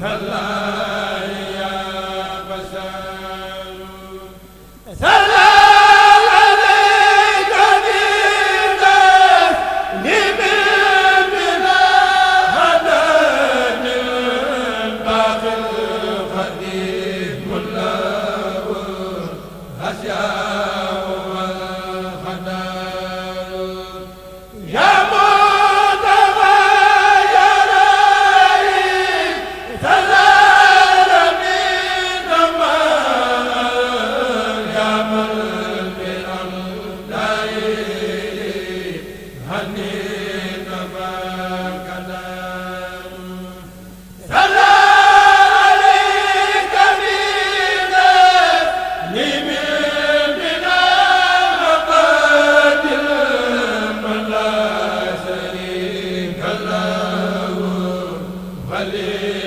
halla Amen